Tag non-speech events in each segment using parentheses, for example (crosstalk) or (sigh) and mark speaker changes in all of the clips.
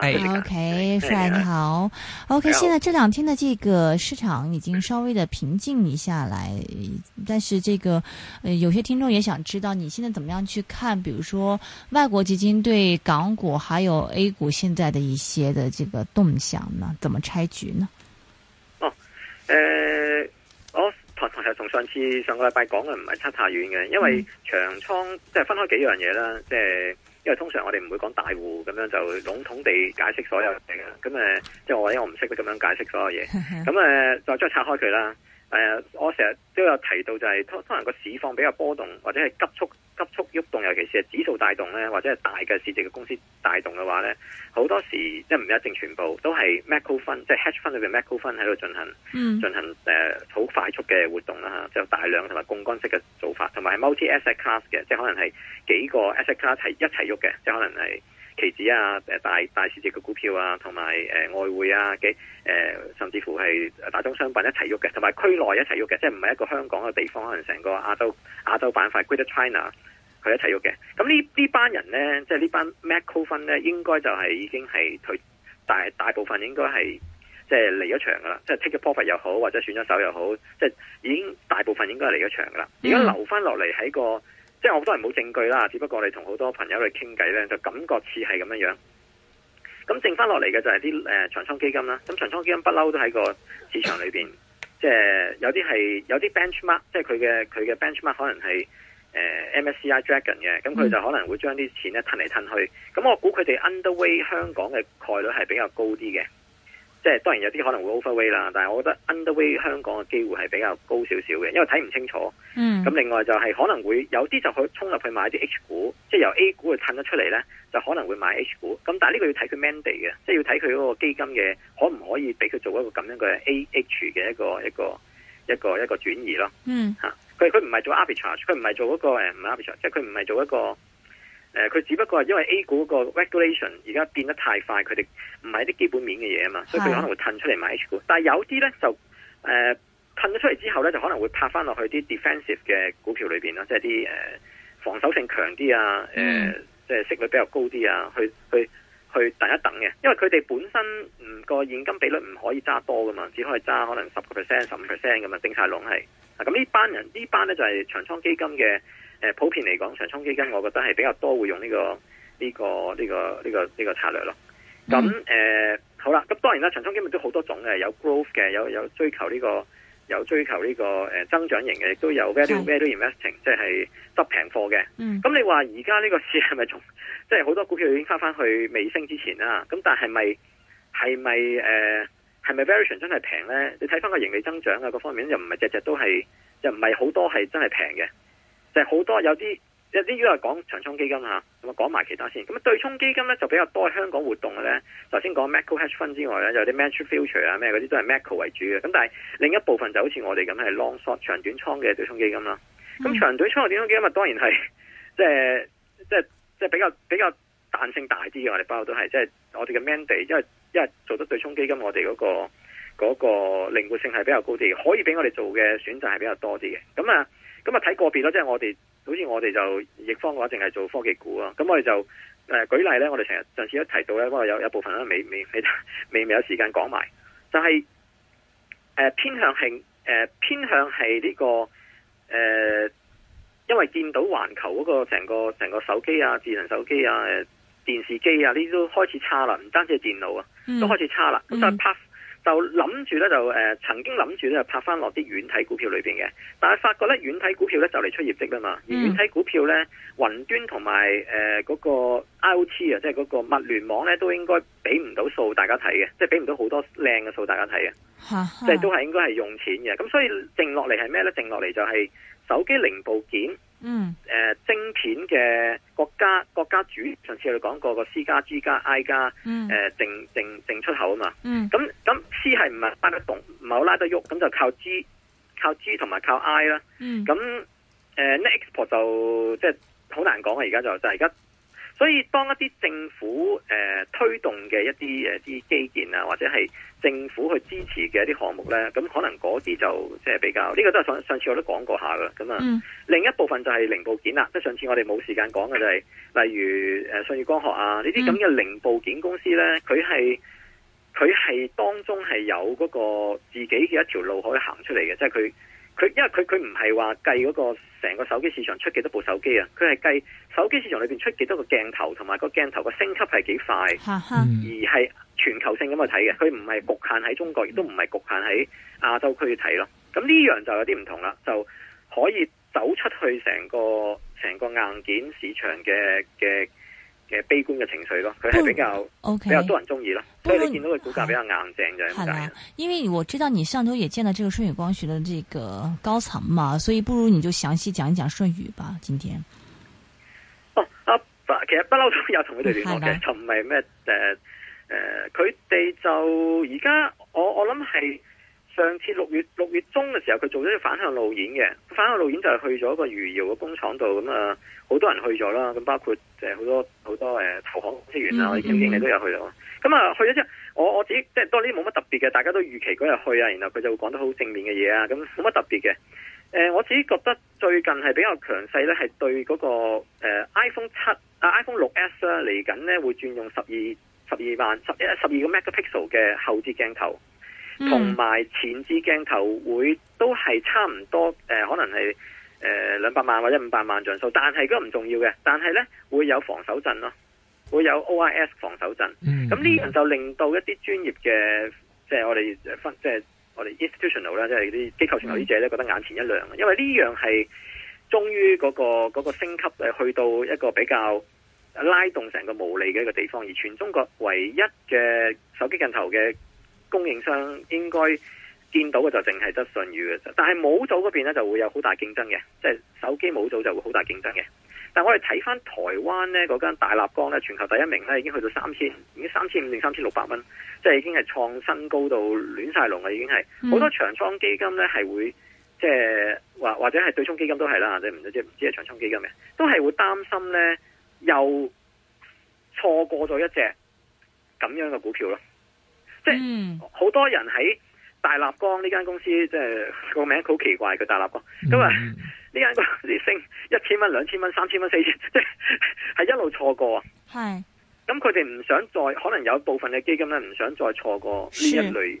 Speaker 1: 哎、啊，OK，Fred、啊 okay，啊啊、你好
Speaker 2: ，OK、啊。現在這兩天的這個市場已經稍微的平靜一下來，嗯、但是這個呃，有些聽眾也想知道你現在怎麼樣去看，比如說外國基金對港股還有 A 股現在的一些的這個動向呢？怎麼拆局呢？哦，
Speaker 3: 誒、呃，我同同同上次上個禮拜講嘅唔係差太遠嘅，因為長倉、嗯、即係分開幾樣嘢啦，即係。因為通常我哋唔會講大戶咁樣就籠統地解釋所有嘢啦，咁誒即係我因為我唔識得咁樣解釋所有嘢，咁誒再再拆開佢啦。誒，我成日都有提到就係、是、通通常個市況比較波動或者係急速，喐動，動，尤其是係指數帶動咧，或者係大嘅市值嘅公司帶動嘅話咧，好多時即係唔一定全部都係 macro fund，即係 hedge fund 裏邊 macro fund 喺度進行，嗯、進行誒好、呃、快速嘅活動啦嚇，就有大量同埋槓桿式嘅做法，同埋 multi asset class 嘅，即係可能係幾個 asset class 一齊喐嘅，即係可能係期指啊誒大大市值嘅股票啊，同埋誒外匯啊嘅誒、呃，甚至乎係大宗商品一齊喐嘅，同埋區內一齊喐嘅，即係唔係一個香港嘅地方，可能成個亞洲亞洲板塊 Greater China。喺體育嘅，咁呢呢班人咧，即係呢班 Macro Fund 咧，應該就係已經係退大大部分應該是是，應該係即係離咗場噶啦，即係 take a profit 又好，或者選咗手又好，即、就、係、是、已經大部分應該係離咗場噶啦。而家留翻落嚟喺個，即係我好多人冇證據啦，只不過我哋同好多朋友去傾偈咧，就感覺似係咁樣樣。咁剩翻落嚟嘅就係啲誒長倉基金啦。咁長倉基金不嬲都喺個市場裏邊，即係有啲係有啲 bench mark，即係佢嘅佢嘅 bench mark 可能係。誒、呃、MSCI Dragon 嘅，咁佢就可能會將啲錢咧褪嚟褪去，咁、嗯、我估佢哋 underweight 香港嘅概率係比較高啲嘅，即係當然有啲可能會 overweight 啦，但係我覺得 underweight 香港嘅機會係比較高少少嘅，因為睇唔清楚。嗯，咁另外就係可能會有啲就去衝入去買啲 H 股，即係由 A 股去褪得出嚟呢，就可能會買 H 股。咁但係呢個要睇佢 mandate 嘅，即係要睇佢嗰個基金嘅可唔可以俾佢做一個咁樣嘅 A H 嘅一個一個一個一個轉移咯。嗯、
Speaker 1: 吓、啊。
Speaker 3: 佢佢唔係做 arbitrage，佢唔係做嗰個誒唔係 arbitrage，即係佢唔係做一個誒，佢、呃呃、只不過係因為 A 股個 regulation 而家變得太快，佢哋唔係啲基本面嘅嘢啊嘛，所以佢可能會褪出嚟買 H 股。但係有啲咧就誒褪咗出嚟之後咧，就可能會拍翻落去啲 defensive 嘅股票裏面囉，即係啲誒防守性強啲啊，誒即係息率比較高啲啊，去去去等一等嘅。因為佢哋本身唔個現金比率唔可以揸多噶嘛，只可以揸可能十個 percent、十五 percent 咁啊，頂晒籠係。嗱、啊，咁呢班人班呢班咧就係、是、長倉基金嘅，誒、呃、普遍嚟講，長倉基金我覺得係比較多會用呢、這個呢、這個呢、這個呢、這個呢、這個策略咯。咁、嗯、誒、呃、好啦，咁當然啦，長倉基金都好多種嘅，有 growth 嘅，有有追求呢、這個，有追求呢、這個、呃、增長型嘅，亦都有 value value investing，即係執平貨嘅。咁、嗯、你話而家呢個市係咪仲？即係好多股票已經翻翻去未升之前啦？咁但係咪係咪誒？是係咪 variation 真係平呢？你睇翻個盈利增長啊，各方面又唔係只只都係，又唔係好多係真係平嘅，就係、是、好多有啲一啲，有啲要係講長倉基金吓，咁啊講埋其他先。咁啊，對沖基金呢，就比較多係香港活動嘅呢。頭先講 macro hedge fund 之外咧，有啲 match future 啊咩嗰啲都係 macro 為主嘅。咁但係另一部分就好似我哋咁係 long short 長短倉嘅對沖基金啦。咁長短倉嘅對沖基金啊，當然係即係即係即係比較比較彈性大啲嘅。我哋包括都係即係我哋嘅 mandate，因為，因為做得對沖基金，我哋嗰、那個嗰、那個靈活性係比較高啲，可以俾我哋做嘅選擇係比較多啲嘅。咁啊，咁啊睇個別咯，即係我哋，好似我哋就易方嘅話，淨係做科技股啊。咁我哋就誒、呃、舉例咧，我哋成日上次一提到咧，不過有有，有部分咧未未未未，未有時間講埋，就係、是、誒、呃、偏向係誒、呃、偏向係呢、這個誒、呃，因為見到環球嗰個成個成個手機啊，智能手機啊，呃電視機啊，呢啲都開始差啦，唔單止係電腦啊、嗯，都開始差啦。咁但係拍就諗住咧，就、呃、誒曾經諗住咧，拍翻落啲軟體股票裏邊嘅。但係發覺咧，軟體股票咧就嚟出業績啦嘛。嗯、而軟體股票咧，雲端同埋誒嗰個 I O T 啊，即係嗰個物聯網咧，都應該俾唔到數大家睇嘅，即係俾唔到好多靚嘅數大家睇嘅。即係都係應該係用錢嘅。咁所以剩落嚟係咩咧？剩落嚟就係手機零部件。嗯，誒、呃，晶片嘅國家國家主，上次我哋講過個 C 加 G 加 I 加，誒、嗯，淨淨淨出口啊嘛。嗯。咁咁 C 係唔係拉得動，唔係好拉得喐，咁就靠 G，靠 G 同埋靠 I 啦。嗯。咁誒，net export、呃、就即係好難講㗎。而家就就係而家。所以，當一啲政府誒、呃、推動嘅一啲誒啲基建啊，或者係政府去支持嘅一啲項目呢，咁可能嗰啲就即係、就是、比較呢、呢個都係上上次我都講過一下嘅咁啊、嗯。另一部分就係零部件啦，即係上次我哋冇時間講嘅就係、是，例如誒舜宇光學啊呢啲咁嘅零部件公司呢，佢係佢係當中係有嗰個自己嘅一條路可以行出嚟嘅，即係佢。佢因為佢佢唔係話計嗰個成個手機市場出幾多部手機啊，佢係計手機市場裏邊出幾多個鏡頭，同埋個鏡頭個升級係幾快， (laughs) 而係全球性咁去睇嘅，佢唔係局限喺中國，亦都唔係局限喺亞洲區去睇咯。咁呢樣就有啲唔同啦，就可以走出去成個成個硬件市場嘅嘅。的嘅悲觀嘅情緒咯，佢係比較 OK，比較多人中意咯，所以你見到佢股價比較硬正
Speaker 2: 嘅，因為我知道你上周也見到這個舜宇光學嘅這個高層嘛，所以不如你就詳細講一講舜宇吧，今天。
Speaker 3: 哦，啊，其實不嬲都有同佢哋聯絡嘅，唔係咩，誒誒，佢哋、呃呃、就而家我我諗係。上次六月六月中嘅時候，佢做咗一個反向路演嘅，反向路演就係去咗一個余姚嘅工廠度，咁啊，好多人去咗啦，咁包括即係好、呃、多好多誒、呃、投行職員啊、基金經理都有去咯。咁、嗯、啊，去咗之後，我我自己即係當呢啲冇乜特別嘅，大家都預期嗰日去啊，然後佢就會講得好正面嘅嘢啊，咁冇乜特別嘅。誒、呃，我自己覺得最近係比較強勢咧，係對嗰、那個誒、呃、iPhone 七啊 iPhone 六 S 咧嚟緊咧會轉用十二十二萬十一十二個 megapixel 嘅後置鏡頭。同埋前置鏡頭會都係差唔多，誒、呃、可能係誒兩百萬或者五百萬像素，但係嗰個唔重要嘅。但係呢會有防手震咯，會有 OIS 防手震。咁、嗯、呢樣就令到一啲專業嘅、就是就是嗯，即係我哋分，即係我哋 institutional 啦，即係啲機構投資者咧覺得眼前一亮，因為呢樣係終於嗰個嗰、嗰個升級誒去到一個比較拉動成個毛利嘅一個地方，而全中國唯一嘅手機鏡頭嘅。供應商應該見到嘅就淨係得信譽嘅，但係模組嗰邊咧就會有好大競爭嘅，即係手機模組就會好大競爭嘅。但係我哋睇返台灣咧，嗰間大立光咧，全球第一名咧已經去到三千，已經三千五定三千六百蚊，即係已經係創新高到亂晒龍啦。已經係好多長倉基金咧係會，即係或或者係對沖基金都係啦，或者唔知即係唔知係長倉基金嘅，都係會擔心咧又錯過咗一隻咁樣嘅股票咯。即係嗯、好多人喺大立光呢間公司，即係個名好奇怪嘅大立光，咁、嗯、啊，呢間公司升一千蚊、兩千蚊、三千蚊、四千，即係係一路錯過啊。係，咁佢哋唔想再，可能有部分嘅基金咧唔想再錯過呢一類。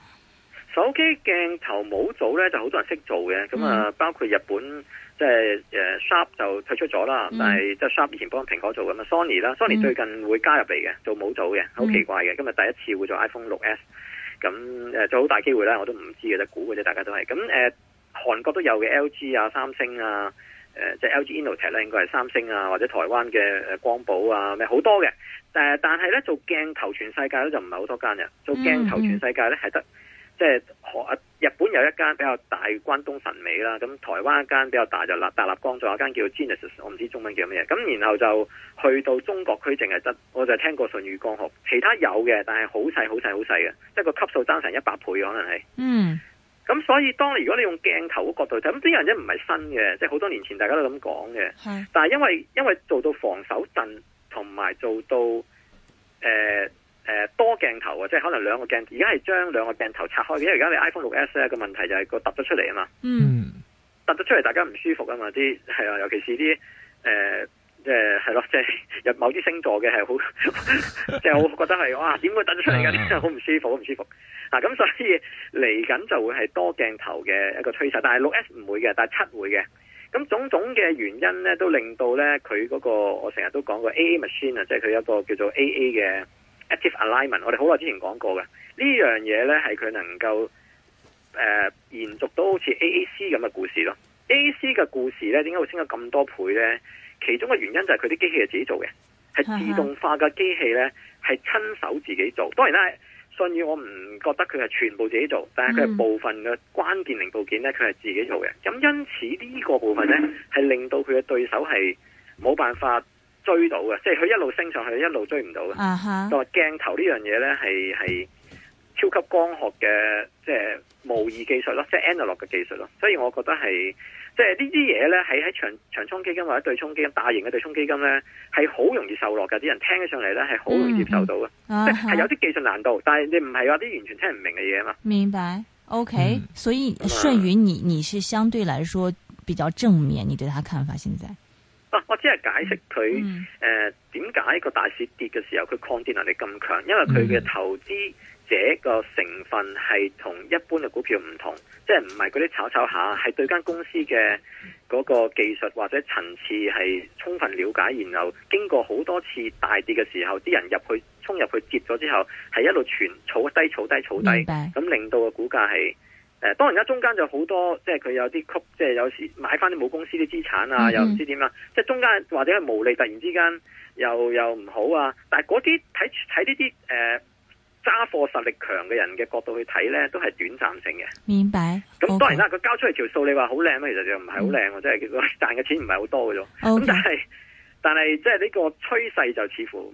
Speaker 3: 手機鏡頭模組咧就好多人識做嘅，咁、嗯、啊包括日本即係誒 Sharp 就退出咗啦，嗯、但係即係 Sharp 以前幫蘋果做咁啊、嗯、Sony 啦、嗯、，Sony 最近會加入嚟嘅做模組嘅，好奇怪嘅、嗯，今日第一次會做 iPhone 六 S，咁誒做好大機會啦我都唔知嘅，估嘅啫，大家都係咁誒韓國都有嘅 LG 啊、三星啊，誒即係 LG Innotech 咧，應該係三星啊或者台灣嘅誒光寶啊咩好多嘅，但係但係咧做鏡頭全世界咧就唔係好多間嘅，做鏡頭全世界咧係、嗯、得。即係日本有一間比較大關東神尾啦，咁台灣一間比較大就立達立光，仲有一間叫 Genesis，我唔知中文叫乜嘢。咁然後就去到中國區淨係得，我就聽過舜宇光學，其他有嘅，但係好細好細好細嘅，即係個級數爭成一百倍可能係。嗯。咁所以當如果你用鏡頭嘅角度就咁啲人一唔係新嘅，即係好多年前大家都咁講嘅。但係因為因為做到防守陣同埋做到誒。呃誒、呃，多鏡頭啊，即係可能兩個鏡，而家係將兩個鏡頭拆開的，因為而家你 iPhone 六 S 咧個問題就係個凸咗出嚟啊嘛，嗯，凸咗出嚟大家唔舒服啊嘛，啲係啊，尤其是啲誒，即係係咯，即係有某啲星座嘅係好，即係我覺得係哇，點會凸咗出嚟嘅？真係好唔舒服，好唔舒服啊！咁所以嚟緊就會係多鏡頭嘅一個趨勢，但係六 S 唔會嘅，但係七會嘅。咁種種嘅原因咧，都令到咧佢嗰個我成日都講過 A A machine 啊，即係佢一個叫做 A A 嘅。Active Alignment，我哋好耐之前講過嘅呢樣嘢呢，係佢能夠、呃、延續到好似 A A C 咁嘅故事咯。A A C 嘅故事呢，點解會升咗咁多倍呢？其中嘅原因就係佢啲機器係自己做嘅，係自動化嘅機器呢，係親手自己做。當然啦，信譽我唔覺得佢係全部自己做，但係佢係部分嘅關鍵零部件呢，佢係自己做嘅。咁因此呢個部分呢，係令到佢嘅對手係冇辦法追到嘅，即係佢一路升上去，一路追唔到嘅。嗯、uh、哼 -huh.，同埋鏡頭呢樣嘢咧，係係超級光學嘅，即係模擬技術咯，即係 analog 嘅技術咯。所以我覺得係，即係呢啲嘢咧，喺喺長長倉基金或者對沖基金，大型嘅對沖基金咧，係好容易受落嘅。啲人聽起上嚟咧，係好容易接受到嘅。啊，係有啲技術難度，但係你唔係話啲完全聽唔明嘅嘢啊嘛。
Speaker 2: 明白，OK、嗯。所以順宇，你你是相對來說比較正面，你對他看法現在？
Speaker 3: 啊，我只係解釋佢誒點解個大市跌嘅時候，佢抗跌能力咁強，因為佢嘅投資者個成分係同一般嘅股票唔同，即係唔係嗰啲炒炒下，係對間公司嘅嗰個技術或者層次係充分了解，然後經過好多次大跌嘅時候，啲人入去衝入去跌咗之後，係一路存儲低、儲低、儲低，咁令到個股價係。誒、呃，當然啦，中間就好多，即係佢有啲曲，即係有時買翻啲母公司啲資產啊，嗯、又唔知點啊，即係中間或者係毛利，突然之間又又唔好啊。但係嗰啲睇睇呢啲誒揸貨實力強嘅人嘅角度去睇咧，都係短暫性嘅。明白。咁當然啦，佢、okay. 交出嚟條數，你話好靚咧，其實就唔係好靚，即係佢賺嘅錢唔係好多嘅，咁。但係但係即係呢個趨勢就似乎。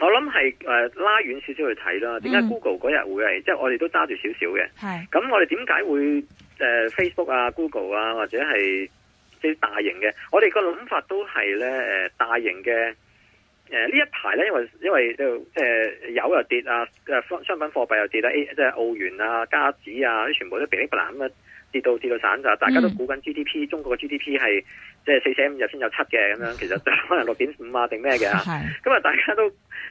Speaker 3: 我諗係誒拉遠少少去睇啦，點解 Google 嗰日會係即係我哋都揸住少少嘅，咁我哋點解會誒 Facebook 啊、Google 啊或者係啲、就是、大型嘅？我哋個諗法都係咧誒，大型嘅誒、呃、呢一排咧，因為因為就即、是、係油又跌啊，誒商品貨幣又跌啦，即、欸、係、就是、澳元啊、加紙啊啲全部都噼哩啪啦咁啊！跌到跌到散就，大家都估緊 G D P，嗯、中國嘅 G D P 係即係四捨五入先有七嘅咁樣。其實就可能六點五啊定咩嘅咁啊， (laughs) 大家都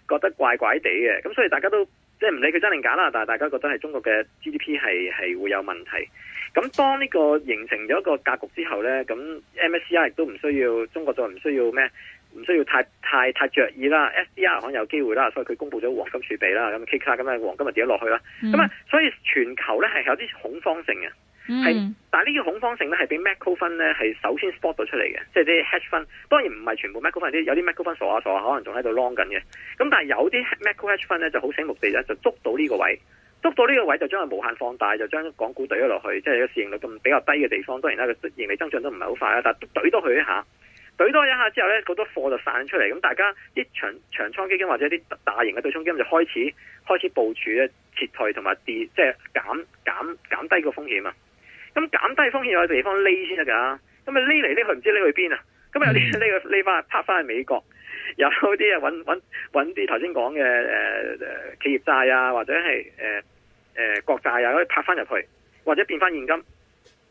Speaker 3: 覺得怪怪地嘅。咁所以大家都即係唔理佢真定假啦，但係大家覺得係中國嘅 G D P 係係會有問題。咁當呢個形成咗一個格局之後咧，咁 M S C I 亦都唔需要中國就唔需要咩，唔需要太太太着意啦。S D R 可能有機會啦，所以佢公布咗黃金儲備啦，咁 K 卡咁啊，黃金就跌咗落去啦，咁、嗯、啊，所以全球咧係有啲恐慌性嘅。係，但係呢個恐慌性咧，係俾 Macau o 分咧係首先 spot 到出嚟嘅，即係啲 hedging 當然唔係全部 Macau o e 啲，有啲 Macau o 分傻下傻下，可能仲喺度 long 緊嘅。咁但係有啲 Macau hedging 咧就好醒目地咧，就捉到呢個位，捉到呢個位就將佢無限放大，就將港股懟咗落去，即係個市盈率咁比較低嘅地方。當然啦，個盈利增長都唔係好快啦，但係懟多佢一下，懟多一下之後咧，好多貨就散出嚟。咁大家啲長長倉基金或者啲大型嘅對沖基金就開始開始部署咧撤退同埋跌，即係減減減低個風險啊！咁減低風險有個地方匿先得噶，咁啊匿嚟匿去唔知匿去邊啊？咁啊有啲呢個匿翻拍翻去美國，有啲啊揾揾揾啲頭先講嘅誒誒企業債啊，或者係誒誒國債啊，可以拍翻入去，或者變翻現金。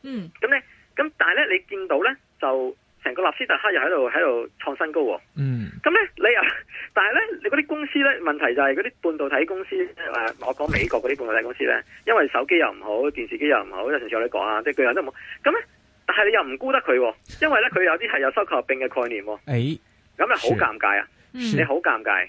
Speaker 3: 嗯，咁咧，咁但係咧，你見到咧就。成個納斯達克又喺度喺度創新高，哦，嗯呢，咁咧你又，但係咧你嗰啲公司咧問題就係嗰啲半導體公司誒，我講美國嗰啲半導體公司咧，因為手機又唔好，電視機又唔好，有陣時我哋講啊，即係佢又都唔好，咁咧，但係你又唔估得佢，哦，因為咧佢有啲係有收購合併嘅概念喎，哦，
Speaker 4: 誒，欸，咁啊好尷
Speaker 3: 尬啊，你好尷尬，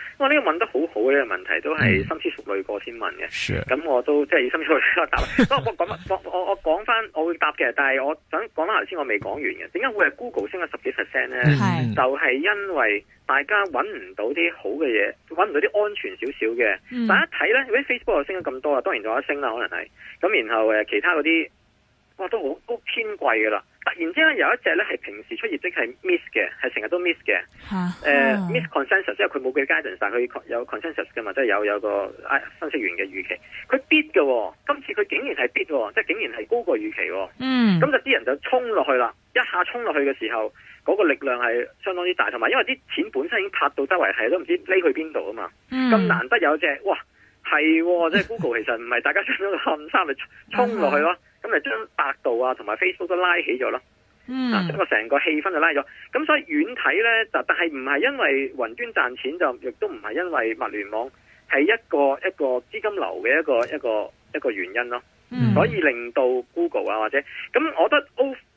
Speaker 3: 我呢個問得好好嘅呢個問題，都係深思熟慮過先問嘅。咁、mm. sure. 我都即係深思熟慮答。不過我講翻，我講我，我，我講翻，我會答嘅。但係我想講翻頭先，我未講完嘅。點解會係 Google 升咗十幾 percent 咧？呢 mm. 就係因為大家揾唔到啲好嘅嘢，揾唔到啲安全少少嘅。
Speaker 1: Mm. 但一睇
Speaker 3: 咧，喂 Facebook 又升咗咁多啦，當然仲有升啦，可能係咁。那然後誒其他嗰啲，哇都好都偏貴嘅啦。然之後有一隻咧，係平時出業績係、就是、miss 嘅，係成日都 miss 嘅。誒、啊呃、，miss consensus 即係佢冇俾 guidance，但佢有 consensus 嘅嘛，即係有有一個、哎、分析員嘅預期。佢 beat 嘅，今次佢竟然係 beat 即係竟然係高過預期、哦。嗯，
Speaker 1: 咁就啲人
Speaker 3: 就衝落去啦。一下衝落去嘅時候，嗰、那個力量係相當之大，同埋因為啲錢本身已經拍到周圍係都唔知匿去邊度啊嘛。
Speaker 1: 咁、嗯、難得
Speaker 3: 有隻，哇，係、哦、 (laughs) 即係 Google 其實唔係大家想咁暗沙咪衝落去， (laughs) (laughs) 去咯。咁咪將百度啊同埋 Facebook 都拉起咗咯，
Speaker 1: 嗯，啊、整個
Speaker 3: 成個氣氛就拉咗。咁所以遠睇呢，就但係唔係因為雲端賺錢就，亦都唔係因為物聯網係一個一個資金流嘅一個一個一個原因咯。嗯，所以令到 Google 啊或者，咁我覺得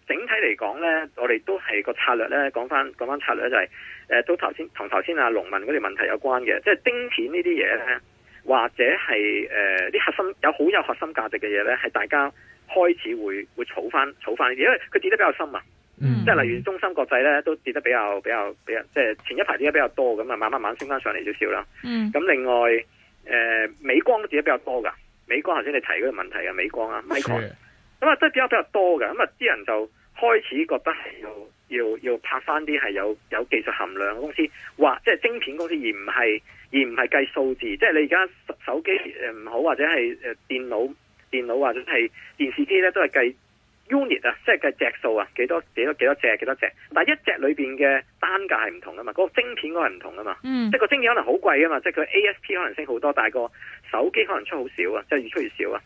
Speaker 3: 整體嚟講呢，我哋都係個策略呢。講翻講翻策略呢就係、是呃，都頭先同頭先阿農民嗰條問題有關嘅，即、就、係、是、丁錢呢啲嘢呢，或者係誒啲核心有好有核心價值嘅嘢呢，係大家。開始會會炒翻炒翻，因為佢跌得比較深啊，嗯、即係例如中芯國際咧都跌得比較比較比較，即係前一排跌得比較多咁啊，慢慢慢，慢升翻上嚟少少啦。咁、嗯、另外誒、呃，美光都跌得比較多噶，美光頭先你提嗰個問題啊，美光啊 Micron 咁啊都跌得比較多噶，咁啊啲人就開始覺得係要要要拍翻啲係有有技術含量嘅公司，或者即係晶片公司而唔係，而唔係而唔係計數字，即係你而家手機誒唔好或者係誒電腦。電腦或者係電視機咧，都係計 unit 啊，即係計隻數啊，幾多幾多幾多隻，幾多隻。但係一隻裏邊嘅單價係唔同噶嘛，嗰、那個、晶片嗰係唔同噶嘛。嗯、即係個晶片可能好貴噶嘛，即係佢 A S P 可能升好多，但係個手機可能出好少啊，即係越出越少啊。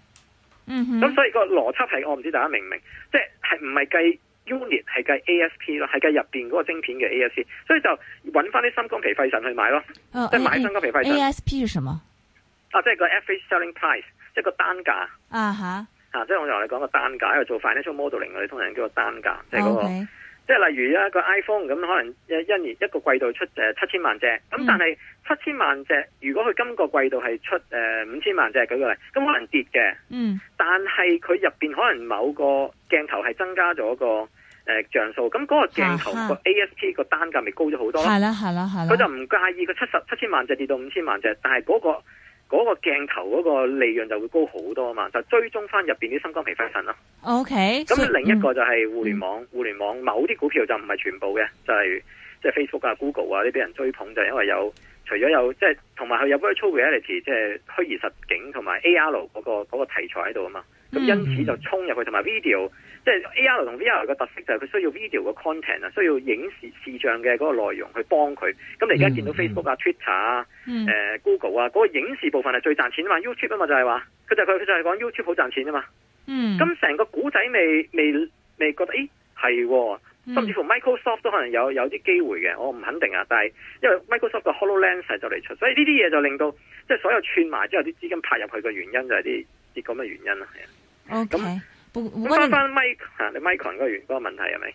Speaker 1: 咁、嗯、所以
Speaker 3: 個邏輯係，我唔知大家明唔明？即係係唔係計 unit，係計 A S P 咯，係計入邊嗰個晶片嘅 A S P。所以就揾翻啲心肝脾肺腎去買咯，
Speaker 2: 哦、即係買啲心肝脾肺腎。A S P 係什麼？
Speaker 3: 啊，即係個 Average Selling Price。一個單價、
Speaker 2: uh -huh.
Speaker 3: 啊吓，啊即係我同你講個單價，因為做 financial modeling，i 另外你通常叫個單價，即係嗰個，okay. 即係例如一個 iPhone 咁，可能一一年一個季度出誒七千萬隻，咁但係七千萬隻，如果佢今個季度係出誒、呃、五千萬隻舉個例，咁可能跌嘅，嗯、uh -huh.，但係佢入邊可能某個鏡頭係增加咗個誒、呃、像素，咁嗰個鏡頭個 ASP 個單價咪高咗好多，係啦係啦係佢就唔介意佢七十七千萬隻跌到五千萬隻，但係嗰、嗰個。嗰、那個鏡頭嗰個利潤就會高好多啊嘛，就追蹤翻入邊啲新光皮化神咯、
Speaker 2: 啊。OK，咁、so, um, 另一個
Speaker 3: 就係互聯網，互聯網某啲股票就唔係全部嘅，就係即係 Facebook 啊、Google 啊啲俾人追捧，就係、因為有。除咗有即係，同埋佢有 virtual reality 即係虛擬實景、那個，同埋 AR 嗰個嗰個題材喺度啊嘛。
Speaker 1: 咁因此就
Speaker 3: 衝入去，同、mm、埋 -hmm. video，即係 AR 同 VR 嘅特色就係佢需要 video 嘅 content 啊，需要影視視像嘅嗰個內容去幫佢。咁你而家見到 Facebook 啊、Twitter 啊、mm
Speaker 1: -hmm. 呃、
Speaker 3: Google 啊嗰、那個影視部分係最賺錢啊嘛。Mm -hmm. YouTube 啊嘛就係、是、話，佢就佢、是、就係講 YouTube 好賺錢啊嘛。嗯、
Speaker 1: mm -hmm.，咁
Speaker 3: 成個古仔未未未覺得，咦係喎。嗯、甚至乎 Microsoft 都可能有有啲機會嘅，我唔肯定啊。但係因為 Microsoft 嘅 HoloLens 係就嚟出，所以呢啲嘢就令到即係所有串埋之後啲資金拍入去嘅原因就係啲啲咁嘅原因啦。OK，
Speaker 2: 咁咁翻
Speaker 3: 翻 Mike 吓你 Micro 嗰個原嗰個問題係咪？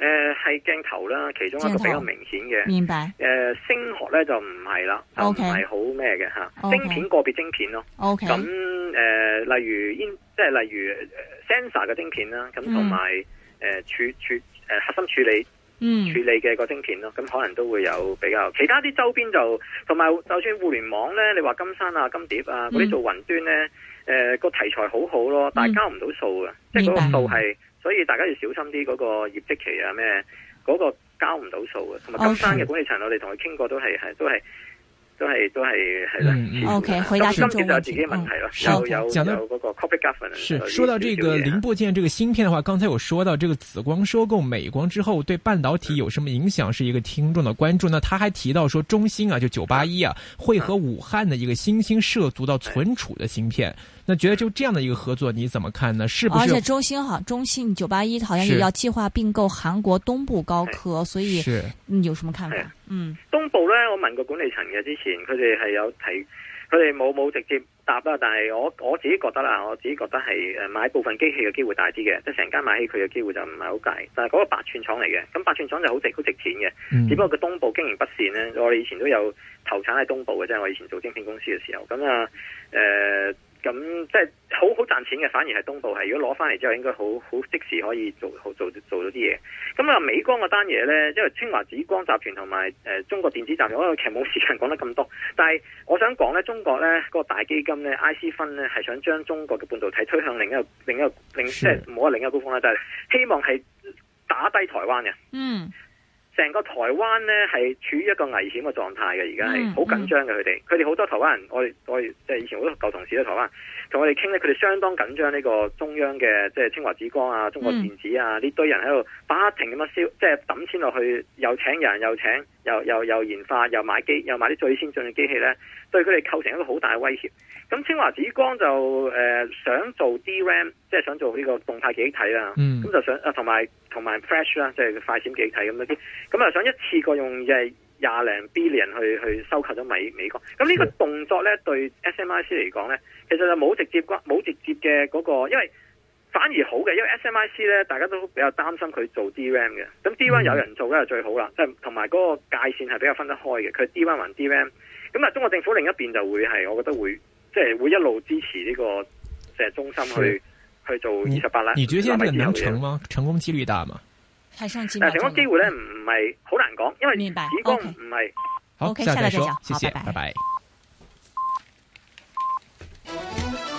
Speaker 3: 誒、呃，係鏡頭啦，其中一個比較明顯嘅。明白。誒、呃，聲學咧就唔係啦，唔、okay, 係好咩嘅吓。Okay, 晶片個別晶片咯。O、okay, K。咁、呃、誒，例如煙，即、就、係、是、例如 sensor 嘅晶片啦，咁同埋誒處處誒、呃、核心處理，
Speaker 1: 嗯，處理
Speaker 3: 嘅個晶片咯，咁可能都會有比較。其他啲周邊就，同埋就算互聯網咧，你話金山啊、金蝶啊嗰啲、嗯、做雲端咧，誒、呃、個題材好好咯，但係交唔到數嘅，
Speaker 1: 即係嗰個數係。
Speaker 3: 所以大家要小心啲嗰、那個業績期啊咩，嗰、那個交唔到數嘅。同埋金山嘅管理層，我哋同佢傾過都係都係都係都係係啦。嗯嗯嗯、o、okay, K，回答準確。咁今次就自己嘅問題咯，又、嗯、有講到嗰個
Speaker 4: copy governance。是，說到這個零部件、這個芯片的話，剛才有說到這個紫光收購美光之後，對半導體有什麼影響是一個聽眾的關注呢。那他還提到說，中芯啊，就九八一啊，會和武漢的一個新芯涉足到存儲的芯片。嗯嗯。那覺得就這樣的一個合作，你怎麼看呢？是不、哦、是而且
Speaker 2: 中興好，中信九八一好像也要計劃併購韓國東部高科，是所以你、嗯、有什麼看法？
Speaker 4: 嗯，
Speaker 3: 東部呢我問過管理層嘅，之前佢哋係有提，佢哋冇冇直接答啦。但係我我自己覺得啦，我自己覺得係買部分機器嘅機會大啲嘅，即係成間買起佢嘅機會就唔係好大。但係嗰個八寸廠嚟嘅，咁八寸廠就好值好值錢嘅、嗯。只不過個東部經營不善呢，我哋以前都有投產喺東部嘅，即係我以前做晶片公司嘅時候。咁啊誒。呃咁即係好好賺錢嘅，反而係東部係。如果攞翻嚟之後應該，應該好好即時可以做好做做咗啲嘢。咁啊，美光嗰單嘢咧，因為清華紫光集團同埋誒中國電子集團，我其實冇時間講得咁多。但係我想講咧，中國咧、個大基金咧，IC Fund 咧係想將中國嘅半導體推向另一個、另一個、另即係唔好話另一個高峰啦。就係希望係打低台灣嘅。嗯。成個台灣咧係處於一個危險嘅狀態嘅，而家係好緊張嘅。佢哋，佢哋好多台灣人，我哋，我哋即係以前好多舊同事都台灣。同我哋傾咧，佢哋相當緊張呢個中央嘅，即係清華紫光啊、中國電子啊呢、嗯、堆人喺度不停咁樣燒，即係抌錢落去，又請人，又請，又又又研發，又買機，又買啲最先進嘅機器咧，對佢哋構成一個好大嘅威脅。咁清華紫光就誒、呃、想做 DRAM，即係想做呢個動態記憶體啦，咁、嗯、就想啊，同埋同埋 Flash 啦，即係快閃記憶體咁樣啲，咁啊想一次過用嘅。廿零 billion 去去收購咗美美國，咁呢個動作咧，對 SMIC 嚟講咧，其實就冇直接關，冇直接嘅嗰個，因為反而好嘅，因為 SMIC 咧，大家都比較擔心佢做 DRAM 嘅，咁 DRAM 有人做咧，就最好啦，即係同埋嗰個界線係比較分得開嘅，佢 DRAM 還 DRAM，咁啊，中國政府另一邊就會係我覺得會即係、就是、會一路支持呢個嘅中芯去去做二十八呢？你覺得呢個能成嗎？
Speaker 4: 成功幾率大嗎？
Speaker 3: 上但係成功機會咧唔係好難講，因為子宮唔係
Speaker 4: 好。O K，收啦，下次再講，謝
Speaker 1: 謝，bye bye 拜拜。